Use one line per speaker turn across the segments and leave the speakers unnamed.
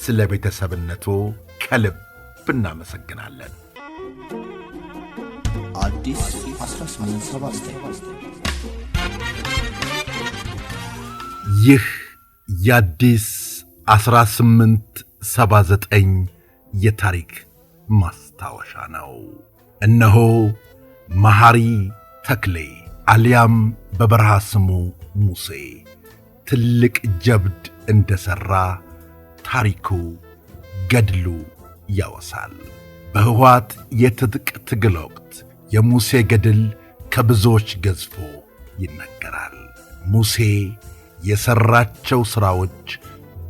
ስለ ቤተሰብነቱ ከልብ እናመሰግናለን። ይህ የአዲስ 1879 የታሪክ ማስታወሻ ነው። እነሆ መሐሪ ተክሌ አሊያም በበረሃ ስሙ ሙሴ ትልቅ ጀብድ ሠራ ታሪኩ ገድሉ ያወሳል። በህወሓት የትጥቅ ትግል ወቅት የሙሴ ገድል ከብዙዎች ገዝፎ ይነገራል። ሙሴ የሠራቸው ሥራዎች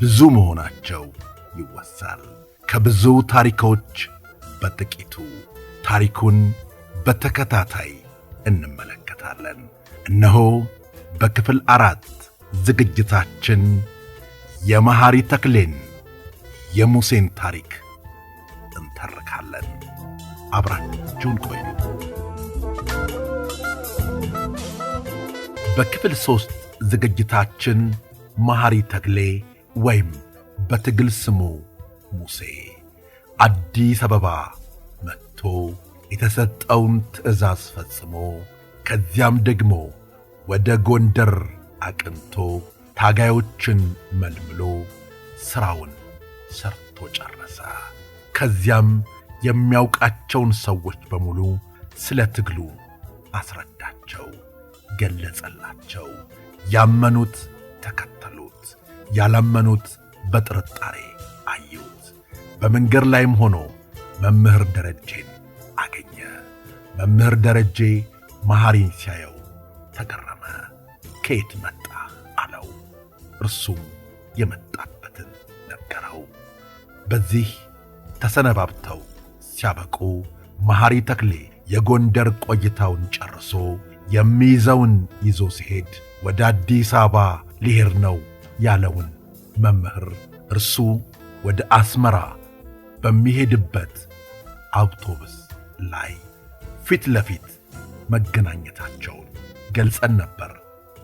ብዙ መሆናቸው ይወሳል። ከብዙ ታሪኮች በጥቂቱ ታሪኩን በተከታታይ እንመለከታለን። እነሆ በክፍል አራት ዝግጅታችን የመሐሪ ተክሌን የሙሴን ታሪክ እንተርካለን። አብራችሁን ቆዩ። በክፍል ሦስት ዝግጅታችን መሐሪ ተክሌ ወይም በትግል ስሙ ሙሴ አዲስ አበባ መጥቶ የተሰጠውን ትዕዛዝ ፈጽሞ ከዚያም ደግሞ ወደ ጎንደር አቅንቶ ታጋዮችን መልምሎ ሥራውን ሰርቶ ጨረሰ። ከዚያም የሚያውቃቸውን ሰዎች በሙሉ ስለ ትግሉ አስረዳቸው፣ ገለጸላቸው። ያመኑት ተከተሉት፣ ያላመኑት በጥርጣሬ አዩት። በመንገድ ላይም ሆኖ መምህር ደረጄን አገኘ። መምህር ደረጄ መሐሪን ሲያየው ተገረመ። ከየት መጣ አለው። እርሱም የመጣበትን ነገረው። በዚህ ተሰነባብተው ሲያበቁ መሐሪ ተክሌ የጎንደር ቆይታውን ጨርሶ የሚይዘውን ይዞ ሲሄድ ወደ አዲስ አበባ ሊሄድ ነው ያለውን መምህር እርሱ ወደ አስመራ በሚሄድበት አውቶቡስ ላይ ፊት ለፊት መገናኘታቸውን ገልጸን ነበር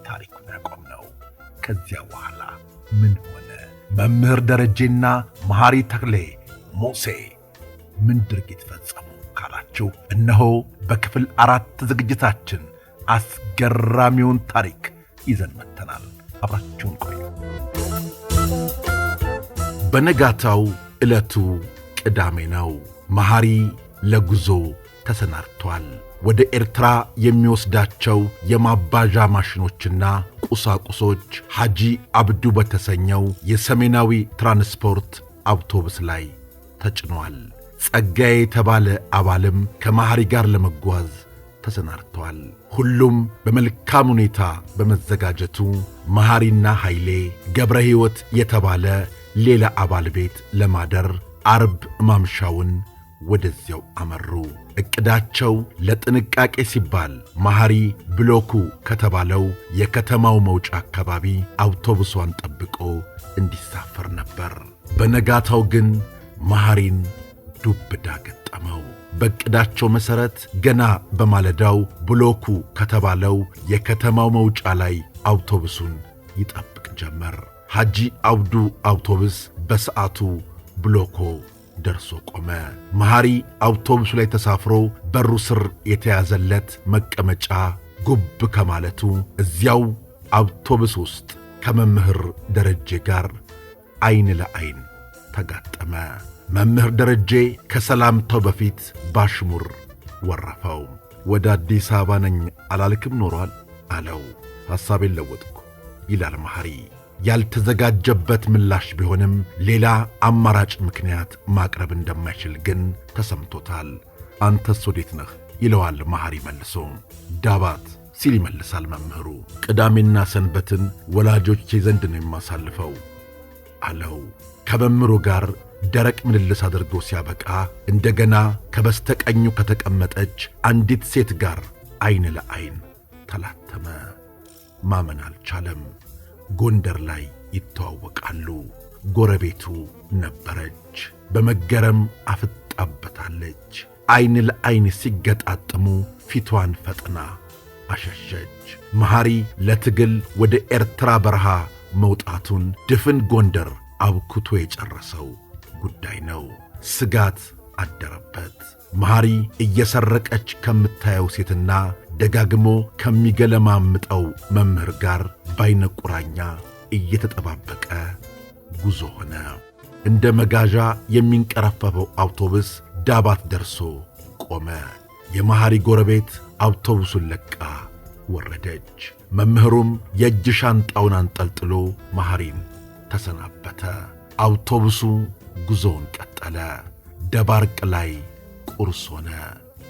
ታሪኩን ነው? ከዚያ በኋላ ምን ሆነ? መምህር ደረጄና መሐሪ ተክሌ ሞሴ ምን ድርጊት ፈጸሙ ካላችሁ እነሆ በክፍል አራት ዝግጅታችን አስገራሚውን ታሪክ ይዘን መጥተናል። አብራችሁን ቆዩ። በነጋታው ዕለቱ ቅዳሜ ነው። መሐሪ ለጉዞ ተሰናድቷል። ወደ ኤርትራ የሚወስዳቸው የማባዣ ማሽኖችና ቁሳቁሶች ሐጂ አብዱ በተሰኘው የሰሜናዊ ትራንስፖርት አውቶቡስ ላይ ተጭኗል። ጸጋዬ የተባለ አባልም ከማሐሪ ጋር ለመጓዝ ተሰናድተዋል። ሁሉም በመልካም ሁኔታ በመዘጋጀቱ መሐሪና ኃይሌ ገብረ ሕይወት የተባለ ሌላ አባል ቤት ለማደር አርብ ማምሻውን ወደዚያው አመሩ። እቅዳቸው ለጥንቃቄ ሲባል መሐሪ ብሎኩ ከተባለው የከተማው መውጫ አካባቢ አውቶቡሷን ጠብቆ እንዲሳፈር ነበር። በነጋታው ግን መሐሪን ዱብዳ ገጠመው። በእቅዳቸው መሠረት ገና በማለዳው ብሎኩ ከተባለው የከተማው መውጫ ላይ አውቶቡሱን ይጠብቅ ጀመር። ሐጂ አብዱ አውቶቡስ በሰዓቱ ብሎኮ ደርሶ ቆመ። መሐሪ አውቶቡሱ ላይ ተሳፍሮ በሩ ስር የተያዘለት መቀመጫ ጉብ ከማለቱ እዚያው አውቶቡስ ውስጥ ከመምህር ደረጄ ጋር ዐይን ለዐይን ተጋጠመ። መምህር ደረጄ ከሰላምታው በፊት ባሽሙር ወረፈው። ወደ አዲስ አበባ ነኝ አላልክም ኖሯል አለው። ሐሳቤን ለወጥኩ ይላል መሐሪ። ያልተዘጋጀበት ምላሽ ቢሆንም ሌላ አማራጭ ምክንያት ማቅረብ እንደማይችል ግን ተሰምቶታል። አንተስ ወዴት ነህ ይለዋል መሐሪ መልሶ። ዳባት ሲል ይመልሳል መምህሩ። ቅዳሜና ሰንበትን ወላጆቼ ዘንድ ነው የማሳልፈው አለው። ከመምህሩ ጋር ደረቅ ምልልስ አድርጎ ሲያበቃ እንደገና ከበስተቀኙ ከተቀመጠች አንዲት ሴት ጋር ዐይን ለዐይን ተላተመ። ማመን አልቻለም። ጎንደር ላይ ይተዋወቃሉ። ጎረቤቱ ነበረች። በመገረም አፍጣበታለች። ዐይን ለዐይን ሲገጣጠሙ ፊቷን ፈጥና አሸሸች። መሐሪ ለትግል ወደ ኤርትራ በረሃ መውጣቱን ድፍን ጎንደር አብኩቶ የጨረሰው ጉዳይ ነው። ስጋት አደረበት። መሐሪ እየሰረቀች ከምታየው ሴትና ደጋግሞ ከሚገለማምጠው መምህር ጋር ባይነቁራኛ እየተጠባበቀ ጉዞ ሆነ። እንደ መጋዣ የሚንቀረፈፈው አውቶቡስ ዳባት ደርሶ ቆመ። የመሐሪ ጎረቤት አውቶቡሱን ለቃ ወረደች። መምህሩም የእጅ ሻንጣውን አንጠልጥሎ መሐሪን ተሰናበተ። አውቶቡሱ ጉዞውን ቀጠለ። ደባርቅ ላይ ቁርስ ሆነ።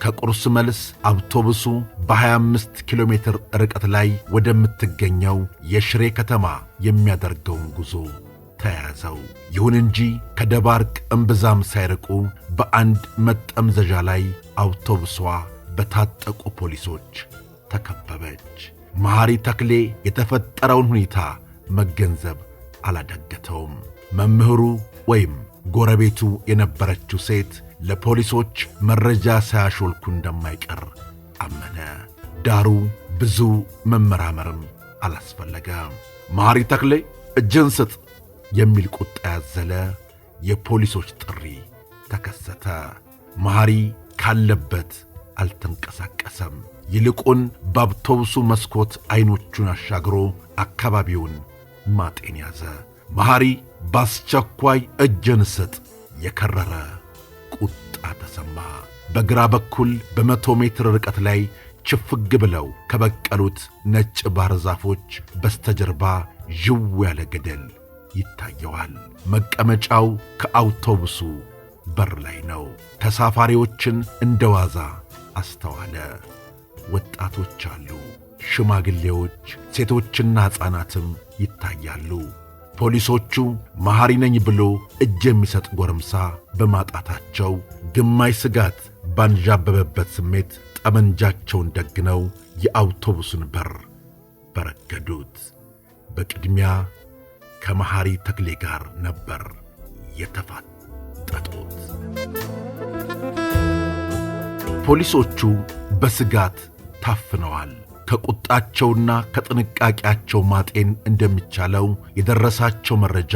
ከቁርስ መልስ አውቶቡሱ በ25 ኪሎ ሜትር ርቀት ላይ ወደምትገኘው የሽሬ ከተማ የሚያደርገውን ጉዞ ተያዘው። ይሁን እንጂ ከደባርቅ እምብዛም ሳይርቁ በአንድ መጠምዘዣ ላይ አውቶቡሷ በታጠቁ ፖሊሶች ተከበበች። መሐሪ ተክሌ የተፈጠረውን ሁኔታ መገንዘብ አላዳገተውም። መምህሩ ወይም ጎረቤቱ የነበረችው ሴት ለፖሊሶች መረጃ ሳያሾልኩ እንደማይቀር አመነ። ዳሩ ብዙ መመራመርም አላስፈለገም። መሐሪ ተክሌ እጅን ስጥ የሚል ቁጣ ያዘለ የፖሊሶች ጥሪ ተከሰተ። መሐሪ ካለበት አልተንቀሳቀሰም። ይልቁን በአውቶቡሱ መስኮት ዐይኖቹን አሻግሮ አካባቢውን ማጤን ያዘ። መሐሪ በአስቸኳይ እጅን ስጥ የከረረ ሻለቃ ተሰማ በግራ በኩል በመቶ ሜትር ርቀት ላይ ችፍግ ብለው ከበቀሉት ነጭ ባር ዛፎች በስተጀርባ ዥው ያለ ገደል ይታየዋል። መቀመጫው ከአውቶቡሱ በር ላይ ነው። ተሳፋሪዎችን እንደ ዋዛ አስተዋለ። ወጣቶች አሉ፣ ሽማግሌዎች፣ ሴቶችና ሕፃናትም ይታያሉ። ፖሊሶቹ መሐሪ ነኝ ብሎ እጅ የሚሰጥ ጎረምሳ በማጣታቸው ግማሽ ስጋት ባንዣበበበት ስሜት ጠመንጃቸውን ደግነው የአውቶቡሱን በር በረገዱት። በቅድሚያ ከመሐሪ ተክሌ ጋር ነበር የተፋጠጡት። ፖሊሶቹ በስጋት ታፍነዋል። ከቁጣቸውና ከጥንቃቄያቸው ማጤን እንደሚቻለው የደረሳቸው መረጃ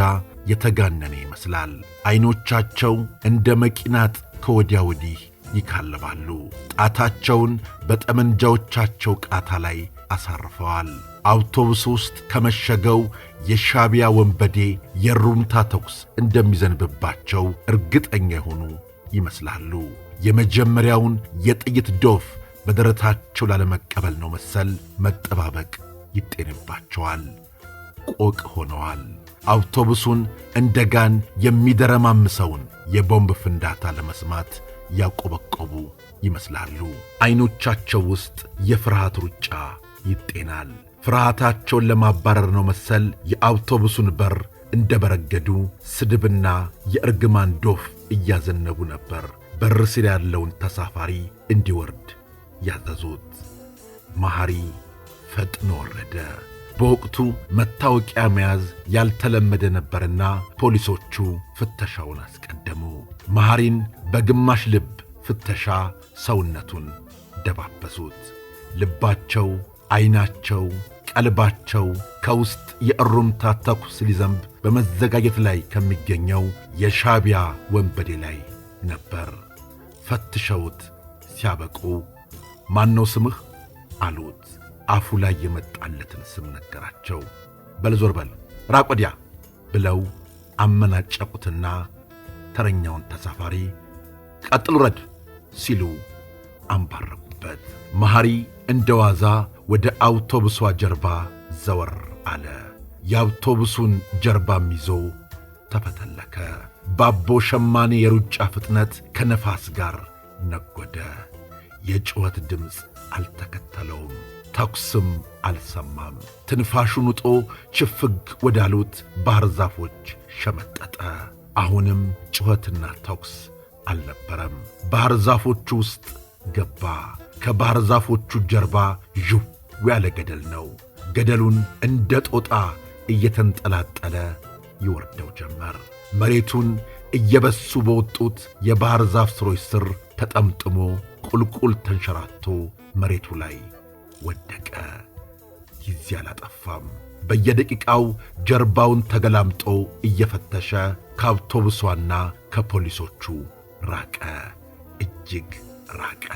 የተጋነነ ይመስላል። ዐይኖቻቸው እንደ መቂናጥ ከወዲያ ወዲህ ይካልባሉ። ጣታቸውን በጠመንጃዎቻቸው ቃታ ላይ አሳርፈዋል። አውቶቡስ ውስጥ ከመሸገው የሻቢያ ወንበዴ የሩምታ ተኩስ እንደሚዘንብባቸው እርግጠኛ የሆኑ ይመስላሉ። የመጀመሪያውን የጥይት ዶፍ በደረታቸው ላለመቀበል ነው መሰል መጠባበቅ ይጤንባቸዋል። ቆቅ ሆነዋል። አውቶቡሱን እንደ ጋን የሚደረማምሰውን የቦምብ ፍንዳታ ለመስማት ያቆበቆቡ ይመስላሉ። ዐይኖቻቸው ውስጥ የፍርሃት ሩጫ ይጤናል። ፍርሃታቸውን ለማባረር ነው መሰል የአውቶቡሱን በር እንደ በረገዱ ስድብና የእርግማን ዶፍ እያዘነቡ ነበር። በር ስር ያለውን ተሳፋሪ እንዲወርድ ያዘዙት። መሐሪ ፈጥኖ ወረደ። በወቅቱ መታወቂያ መያዝ ያልተለመደ ነበርና ፖሊሶቹ ፍተሻውን አስቀደሙ። መሐሪን በግማሽ ልብ ፍተሻ ሰውነቱን ደባበሱት። ልባቸው፣ ዐይናቸው፣ ቀልባቸው ከውስጥ የእሩምታ ተኩስ ሊዘንብ በመዘጋጀት ላይ ከሚገኘው የሻቢያ ወንበዴ ላይ ነበር። ፈትሸውት ሲያበቁ ማን ነው ስምህ አሉት። አፉ ላይ የመጣለትን ስም ነገራቸው። በል ዞር በል ራቆዲያ ብለው አመናጨቁትና ተረኛውን ተሳፋሪ ቀጥል ረድ ሲሉ አንባረኩበት። መሐሪ እንደ ዋዛ ወደ አውቶቡሷ ጀርባ ዘወር አለ። የአውቶቡሱን ጀርባም ይዞ ተፈተለከ። ባቦ ሸማኔ የሩጫ ፍጥነት ከነፋስ ጋር ነጎደ። የጩኸት ድምፅ አልተከተለውም። ተኩስም አልሰማም። ትንፋሹን ውጦ ችፍግ ወዳሉት ባህር ዛፎች ሸመጠጠ። አሁንም ጩኸትና ተኩስ አልነበረም። ባህር ዛፎቹ ውስጥ ገባ። ከባህር ዛፎቹ ጀርባ ዥው ያለ ገደል ነው። ገደሉን እንደ ጦጣ እየተንጠላጠለ ይወርደው ጀመር። መሬቱን እየበሱ በወጡት የባሕር ዛፍ ሥሮች ስር ተጠምጥሞ ቁልቁል ተንሸራቶ መሬቱ ላይ ወደቀ። ጊዜ አላጠፋም። በየደቂቃው ጀርባውን ተገላምጦ እየፈተሸ ከአውቶቡሷና ከፖሊሶቹ ራቀ፣ እጅግ ራቀ።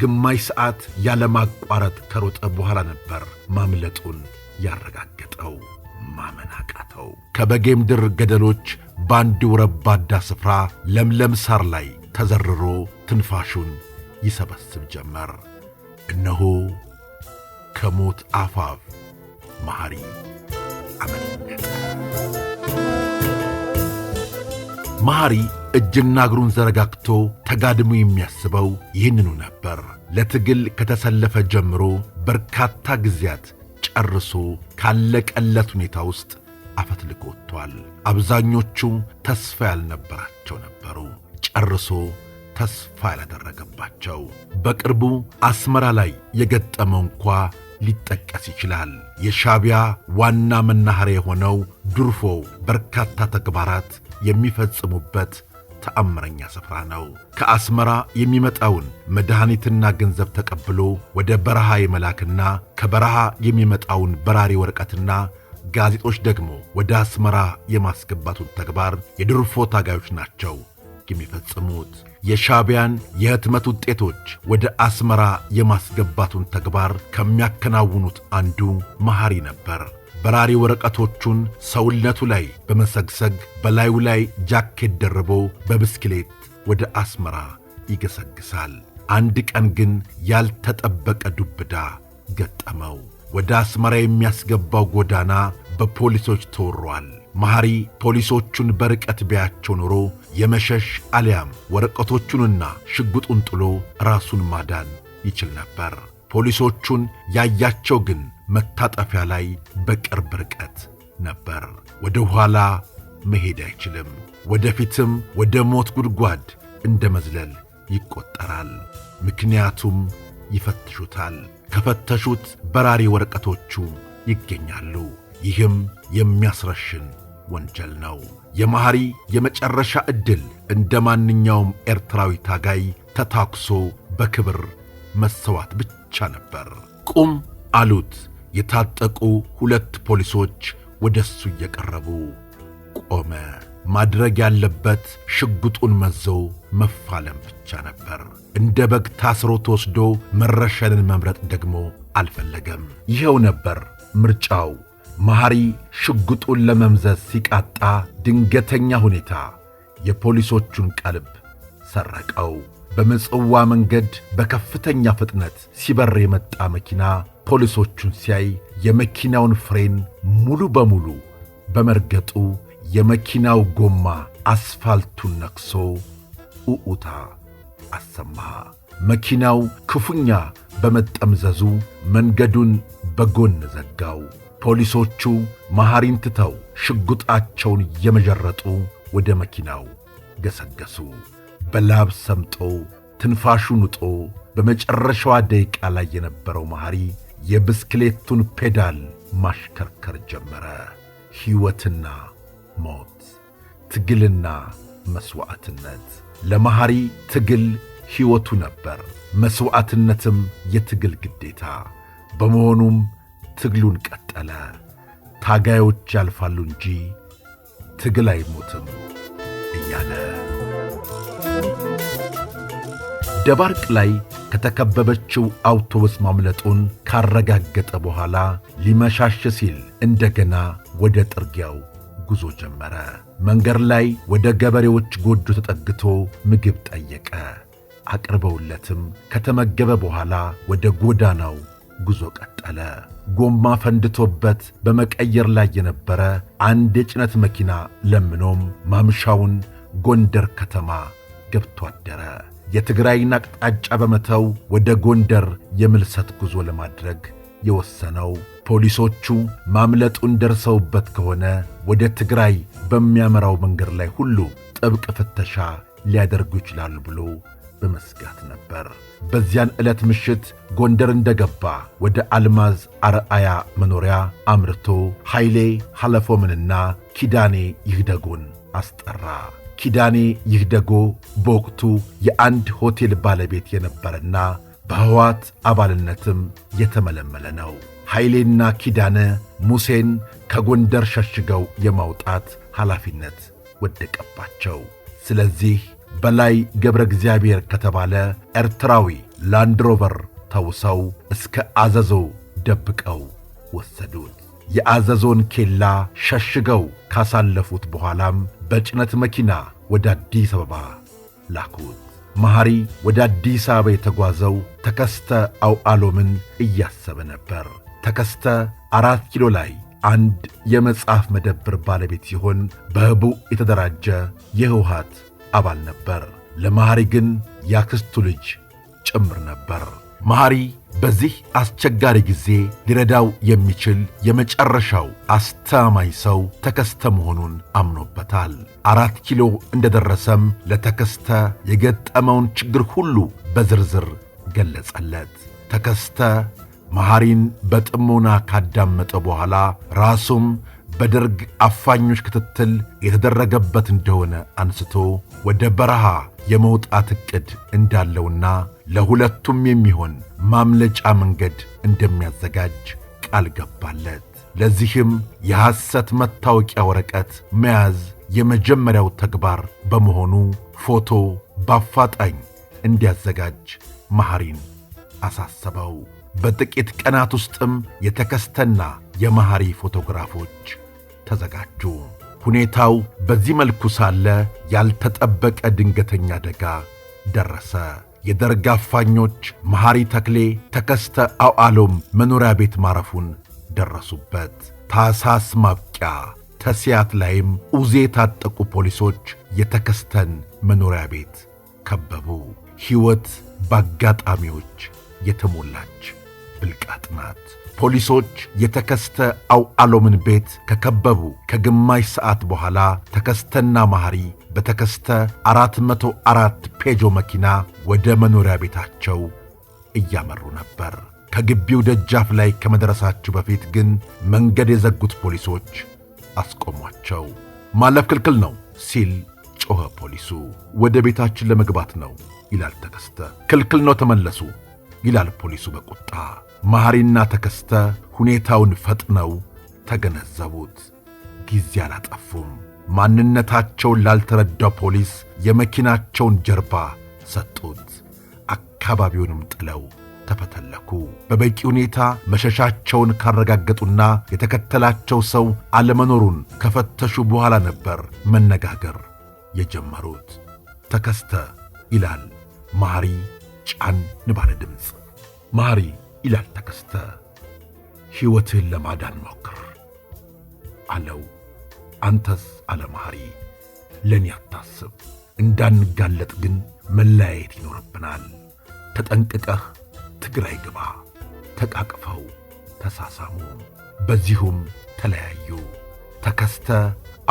ግማሽ ሰዓት ያለማቋረጥ ከሮጠ በኋላ ነበር ማምለጡን ያረጋገጠው። ማመን አቃተው። ምድር ገደሎች በአንድ ረባዳ ስፍራ ለምለም ሳር ላይ ተዘርሮ ትንፋሹን ይሰበስብ ጀመር። እነሆ ከሞት አፋፍ መሐሪ አመለጠ። መሐሪ እጅና እግሩን ዘረጋግቶ ተጋድሞ የሚያስበው ይህንኑ ነበር። ለትግል ከተሰለፈ ጀምሮ በርካታ ጊዜያት ጨርሶ ካለቀለት ሁኔታ ውስጥ አፈትልኮ ወጥቷል። አብዛኞቹ ተስፋ ያልነበራቸው ነበሩ። ጨርሶ ተስፋ ያላደረገባቸው። በቅርቡ አስመራ ላይ የገጠመው እንኳ ሊጠቀስ ይችላል። የሻቢያ ዋና መናኸሪያ የሆነው ዱርፎ በርካታ ተግባራት የሚፈጽሙበት ተአምረኛ ስፍራ ነው። ከአስመራ የሚመጣውን መድኃኒትና ገንዘብ ተቀብሎ ወደ በረሃ የመላክና ከበረሃ የሚመጣውን በራሪ ወረቀትና ጋዜጦች ደግሞ ወደ አስመራ የማስገባቱን ተግባር የድርፎ ታጋዮች ናቸው የሚፈጽሙት። የሻቢያን የህትመት ውጤቶች ወደ አስመራ የማስገባቱን ተግባር ከሚያከናውኑት አንዱ መሐሪ ነበር። በራሪ ወረቀቶቹን ሰውነቱ ላይ በመሰግሰግ በላዩ ላይ ጃኬት ደርቦ በብስክሌት ወደ አስመራ ይገሰግሳል። አንድ ቀን ግን ያልተጠበቀ ዱብዳ ገጠመው። ወደ አስመራ የሚያስገባው ጎዳና በፖሊሶች ተወሯል። መሐሪ ፖሊሶቹን በርቀት ቢያቸው ኖሮ የመሸሽ አሊያም ወረቀቶቹንና ሽጉጡን ጥሎ ራሱን ማዳን ይችል ነበር። ፖሊሶቹን ያያቸው ግን መታጠፊያ ላይ በቅርብ ርቀት ነበር። ወደ ኋላ መሄድ አይችልም። ወደፊትም ወደ ሞት ጉድጓድ እንደ መዝለል ይቆጠራል። ምክንያቱም ይፈትሹታል። ከፈተሹት በራሪ ወረቀቶቹ ይገኛሉ። ይህም የሚያስረሽን ወንጀል ነው። የመሐሪ የመጨረሻ ዕድል እንደ ማንኛውም ኤርትራዊ ታጋይ ተታኩሶ በክብር መሰዋት ብቻ ነበር። ቁም አሉት የታጠቁ ሁለት ፖሊሶች ወደ እሱ እየቀረቡ ቆመ። ማድረግ ያለበት ሽጉጡን መዞ መፋለም ብቻ ነበር። እንደ በግ ታስሮ ተወስዶ መረሸንን መምረጥ ደግሞ አልፈለገም። ይኸው ነበር ምርጫው። መሐሪ ሽጉጡን ለመምዘዝ ሲቃጣ ድንገተኛ ሁኔታ የፖሊሶቹን ቀልብ ሰረቀው። በምጽዋ መንገድ በከፍተኛ ፍጥነት ሲበር የመጣ መኪና ፖሊሶቹን ሲያይ የመኪናውን ፍሬን ሙሉ በሙሉ በመርገጡ የመኪናው ጎማ አስፋልቱን ነክሶ ኡኡታ አሰማ። መኪናው ክፉኛ በመጠምዘዙ መንገዱን በጎን ዘጋው። ፖሊሶቹ መሐሪን ትተው ሽጉጣቸውን እየመዠረጡ ወደ መኪናው ገሰገሱ። በላብ ሰምጦ ትንፋሹ ንጦ በመጨረሻዋ ደቂቃ ላይ የነበረው መሐሪ የብስክሌቱን ፔዳል ማሽከርከር ጀመረ። ሕይወትና ሞት፣ ትግልና መሥዋዕትነት። ለመሐሪ ትግል ሕይወቱ ነበር፣ መሥዋዕትነትም የትግል ግዴታ በመሆኑም ትግሉን ቀጠለ። ታጋዮች ያልፋሉ እንጂ ትግል አይሞትም እያለ ደባርቅ ላይ ከተከበበችው አውቶቡስ ማምለጡን ካረጋገጠ በኋላ ሊመሻሽ ሲል እንደገና ወደ ጥርጊያው ጉዞ ጀመረ። መንገድ ላይ ወደ ገበሬዎች ጎጆ ተጠግቶ ምግብ ጠየቀ። አቅርበውለትም ከተመገበ በኋላ ወደ ጎዳናው ጉዞ ቀጠለ። ጎማ ፈንድቶበት በመቀየር ላይ የነበረ አንድ የጭነት መኪና ለምኖም ማምሻውን ጎንደር ከተማ ገብቶ አደረ። የትግራይን አቅጣጫ በመተው ወደ ጎንደር የምልሰት ጉዞ ለማድረግ የወሰነው ፖሊሶቹ ማምለጡን ደርሰውበት ከሆነ ወደ ትግራይ በሚያመራው መንገድ ላይ ሁሉ ጥብቅ ፍተሻ ሊያደርጉ ይችላሉ ብሎ በመስጋት ነበር። በዚያን ዕለት ምሽት ጎንደር እንደገባ ወደ አልማዝ አርአያ መኖሪያ አምርቶ ኃይሌ ሐለፎምንና ኪዳኔ ይህደጎን አስጠራ። ኪዳኔ ይህደጎ በወቅቱ የአንድ ሆቴል ባለቤት የነበረና በሕወሓት አባልነትም የተመለመለ ነው። ኃይሌና ኪዳነ ሙሴን ከጎንደር ሸሽገው የማውጣት ኃላፊነት ወደቀባቸው። ስለዚህ በላይ ገብረ እግዚአብሔር ከተባለ ኤርትራዊ ላንድሮቨር ተውሰው እስከ አዘዞ ደብቀው ወሰዱት። የአዘዞን ኬላ ሸሽገው ካሳለፉት በኋላም በጭነት መኪና ወደ አዲስ አበባ ላኩት። መሐሪ ወደ አዲስ አበባ የተጓዘው ተከስተ አውዓሎምን እያሰበ ነበር። ተከስተ አራት ኪሎ ላይ አንድ የመጽሐፍ መደብር ባለቤት ሲሆን በህቡ የተደራጀ የህውሃት አባል ነበር። ለመሐሪ ግን ያክስቱ ልጅ ጭምር ነበር። መሐሪ በዚህ አስቸጋሪ ጊዜ ሊረዳው የሚችል የመጨረሻው አስተማማኝ ሰው ተከስተ መሆኑን አምኖበታል። አራት ኪሎ እንደደረሰም ለተከስተ የገጠመውን ችግር ሁሉ በዝርዝር ገለጸለት። ተከስተ መሐሪን በጥሞና ካዳመጠ በኋላ ራሱም በደርግ አፋኞች ክትትል የተደረገበት እንደሆነ አንስቶ ወደ በረሃ የመውጣት ዕቅድ እንዳለውና ለሁለቱም የሚሆን ማምለጫ መንገድ እንደሚያዘጋጅ ቃል ገባለት። ለዚህም የሐሰት መታወቂያ ወረቀት መያዝ የመጀመሪያው ተግባር በመሆኑ ፎቶ በአፋጣኝ እንዲያዘጋጅ መሐሪን አሳሰበው። በጥቂት ቀናት ውስጥም የተከስተና የመሐሪ ፎቶግራፎች ተዘጋጁ። ሁኔታው በዚህ መልኩ ሳለ ያልተጠበቀ ድንገተኛ አደጋ ደረሰ። የደርግ አፋኞች መሐሪ ተክሌ ተከስተ አውዓሎም መኖሪያ ቤት ማረፉን ደረሱበት። ታሳስ ማብቂያ ተስያት ላይም ኡዜ የታጠቁ ፖሊሶች የተከስተን መኖሪያ ቤት ከበቡ። ሕይወት በአጋጣሚዎች የተሞላች ብልቃጥ ናት። ፖሊሶች የተከስተ አውዓሎምን ቤት ከከበቡ ከግማሽ ሰዓት በኋላ ተከስተና መሐሪ በተከስተ 404 ፔጆ መኪና ወደ መኖሪያ ቤታቸው እያመሩ ነበር። ከግቢው ደጃፍ ላይ ከመድረሳችሁ በፊት ግን መንገድ የዘጉት ፖሊሶች አስቆሟቸው። ማለፍ ክልክል ነው ሲል ጮኸ ፖሊሱ። ወደ ቤታችን ለመግባት ነው ይላል ተከስተ። ክልክል ነው ተመለሱ ይላል ፖሊሱ በቁጣ መሐሪና ተከስተ ሁኔታውን ፈጥነው ተገነዘቡት። ጊዜ አላጠፉም። ማንነታቸውን ላልተረዳው ፖሊስ የመኪናቸውን ጀርባ ሰጡት። አካባቢውንም ጥለው ተፈተለኩ። በበቂ ሁኔታ መሸሻቸውን ካረጋገጡና የተከተላቸው ሰው አለመኖሩን ከፈተሹ በኋላ ነበር መነጋገር የጀመሩት። ተከስተ ይላል መሐሪ ጫን ባለ ድምፅ። መሐሪ ይላል ተከስተ። ሕይወትህን ለማዳን ሞክር አለው። አንተስ አለ መሐሪ፣ ለእኔ አታስብ፣ እንዳንጋለጥ ግን መለያየት ይኖርብናል። ተጠንቅቀህ ትግራይ ግባ። ተቃቅፈው ተሳሳሙ፣ በዚሁም ተለያዩ። ተከስተ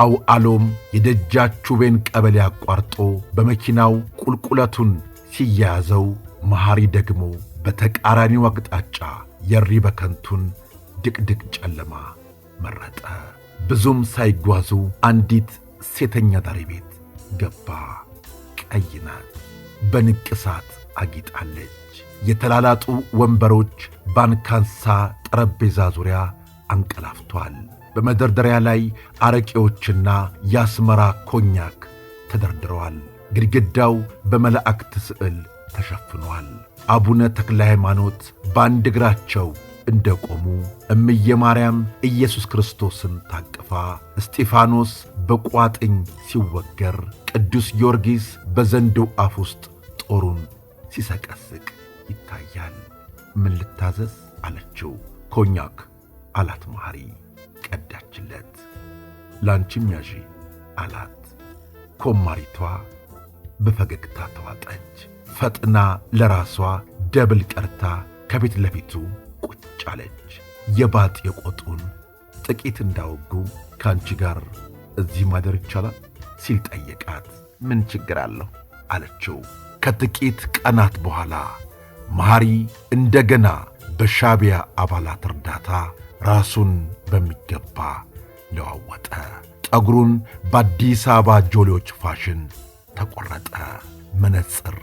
አው አሎም የደጃቹቤን ቀበሌ አቋርጦ በመኪናው ቁልቁለቱን ሲያያዘው መሐሪ ደግሞ በተቃራኒው አቅጣጫ የሪ በከንቱን ድቅድቅ ጨለማ መረጠ። ብዙም ሳይጓዙ አንዲት ሴተኛ ዳሪ ቤት ገባ። ቀይ ናት፣ በንቅሳት አጊጣለች። የተላላጡ ወንበሮች ባንካንሳ ጠረጴዛ ዙሪያ አንቀላፍቷል። በመደርደሪያ ላይ አረቄዎችና የአስመራ ኮኛክ ተደርድረዋል። ግድግዳው በመላእክት ስዕል ተሸፍኗል። አቡነ ተክለ ሃይማኖት በአንድ እግራቸው እንደቆሙ እምየ ማርያም ኢየሱስ ክርስቶስን ታቅፋ፣ እስጢፋኖስ በቋጥኝ ሲወገር፣ ቅዱስ ጊዮርጊስ በዘንዶው አፍ ውስጥ ጦሩን ሲሰቀስቅ ይታያል። ምን ልታዘዝ አለችው። ኮኛክ አላት። መሐሪ ቀዳችለት። ላንቺም ያዢ አላት። ኮማሪቷ በፈገግታ ተዋጠች። ፈጥና ለራሷ ደብል ቀርታ ከፊት ለፊቱ ቁጭ አለች። የባጥ የቆጡን ጥቂት እንዳወጉ ከአንቺ ጋር እዚህ ማደር ይቻላል ሲል ጠየቃት። ምን ችግር አለው አለችው። ከጥቂት ቀናት በኋላ መሐሪ እንደገና በሻቢያ አባላት እርዳታ ራሱን በሚገባ ለዋወጠ። ጠጉሩን በአዲስ አበባ ጆሌዎች ፋሽን ተቆረጠ። መነጽር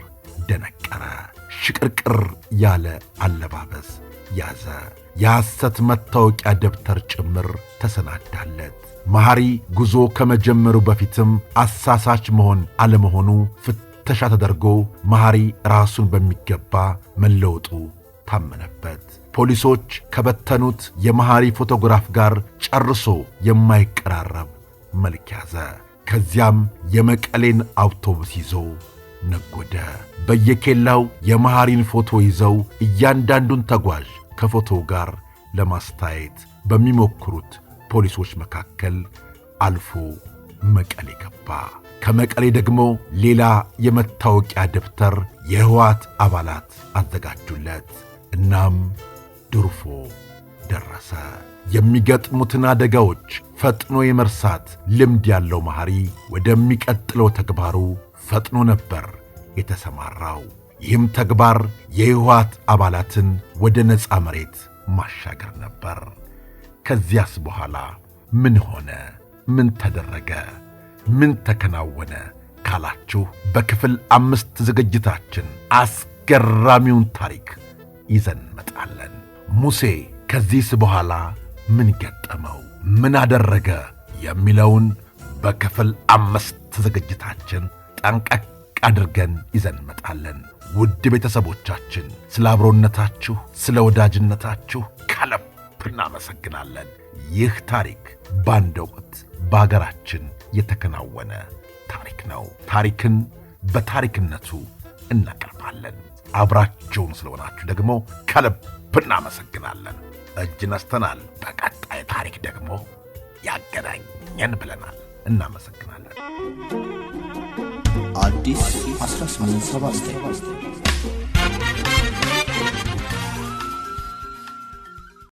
ደነቀረ። ሽቅርቅር ያለ አለባበስ ያዘ። የሐሰት መታወቂያ ደብተር ጭምር ተሰናዳለት። መሐሪ ጉዞ ከመጀመሩ በፊትም አሳሳች መሆን አለመሆኑ ፍተሻ ተደርጎ መሐሪ ራሱን በሚገባ መለወጡ ታመነበት። ፖሊሶች ከበተኑት የመሐሪ ፎቶግራፍ ጋር ጨርሶ የማይቀራረብ መልክ ያዘ። ከዚያም የመቀሌን አውቶቡስ ይዞ ነጎደ። በየኬላው የመሐሪን ፎቶ ይዘው እያንዳንዱን ተጓዥ ከፎቶው ጋር ለማስታየት በሚሞክሩት ፖሊሶች መካከል አልፎ መቀሌ ገባ። ከመቀሌ ደግሞ ሌላ የመታወቂያ ደብተር የህወሓት አባላት አዘጋጁለት። እናም ዱርፎ ደረሰ። የሚገጥሙትን አደጋዎች ፈጥኖ የመርሳት ልምድ ያለው መሐሪ ወደሚቀጥለው ተግባሩ ፈጥኖ ነበር የተሰማራው። ይህም ተግባር የህወሓት አባላትን ወደ ነፃ መሬት ማሻገር ነበር። ከዚያስ በኋላ ምን ሆነ? ምን ተደረገ? ምን ተከናወነ? ካላችሁ በክፍል አምስት ዝግጅታችን አስገራሚውን ታሪክ ይዘን መጣለን። ሙሴ ከዚህስ በኋላ ምን ገጠመው? ምን አደረገ? የሚለውን በክፍል አምስት ዝግጅታችን ጠንቀቅ አድርገን ይዘን እንመጣለን። ውድ ቤተሰቦቻችን ስለ አብሮነታችሁ፣ ስለ ወዳጅነታችሁ ከልብ እናመሰግናለን። ይህ ታሪክ በአንድ ወቅት በአገራችን የተከናወነ ታሪክ ነው። ታሪክን በታሪክነቱ እናቀርባለን። አብራችሁን ስለሆናችሁ ደግሞ ከልብ እናመሰግናለን። እጅ ነስተናል። በቀጣይ ታሪክ ደግሞ ያገናኘን ብለናል። እናመሰግናለን። አዲስ 1879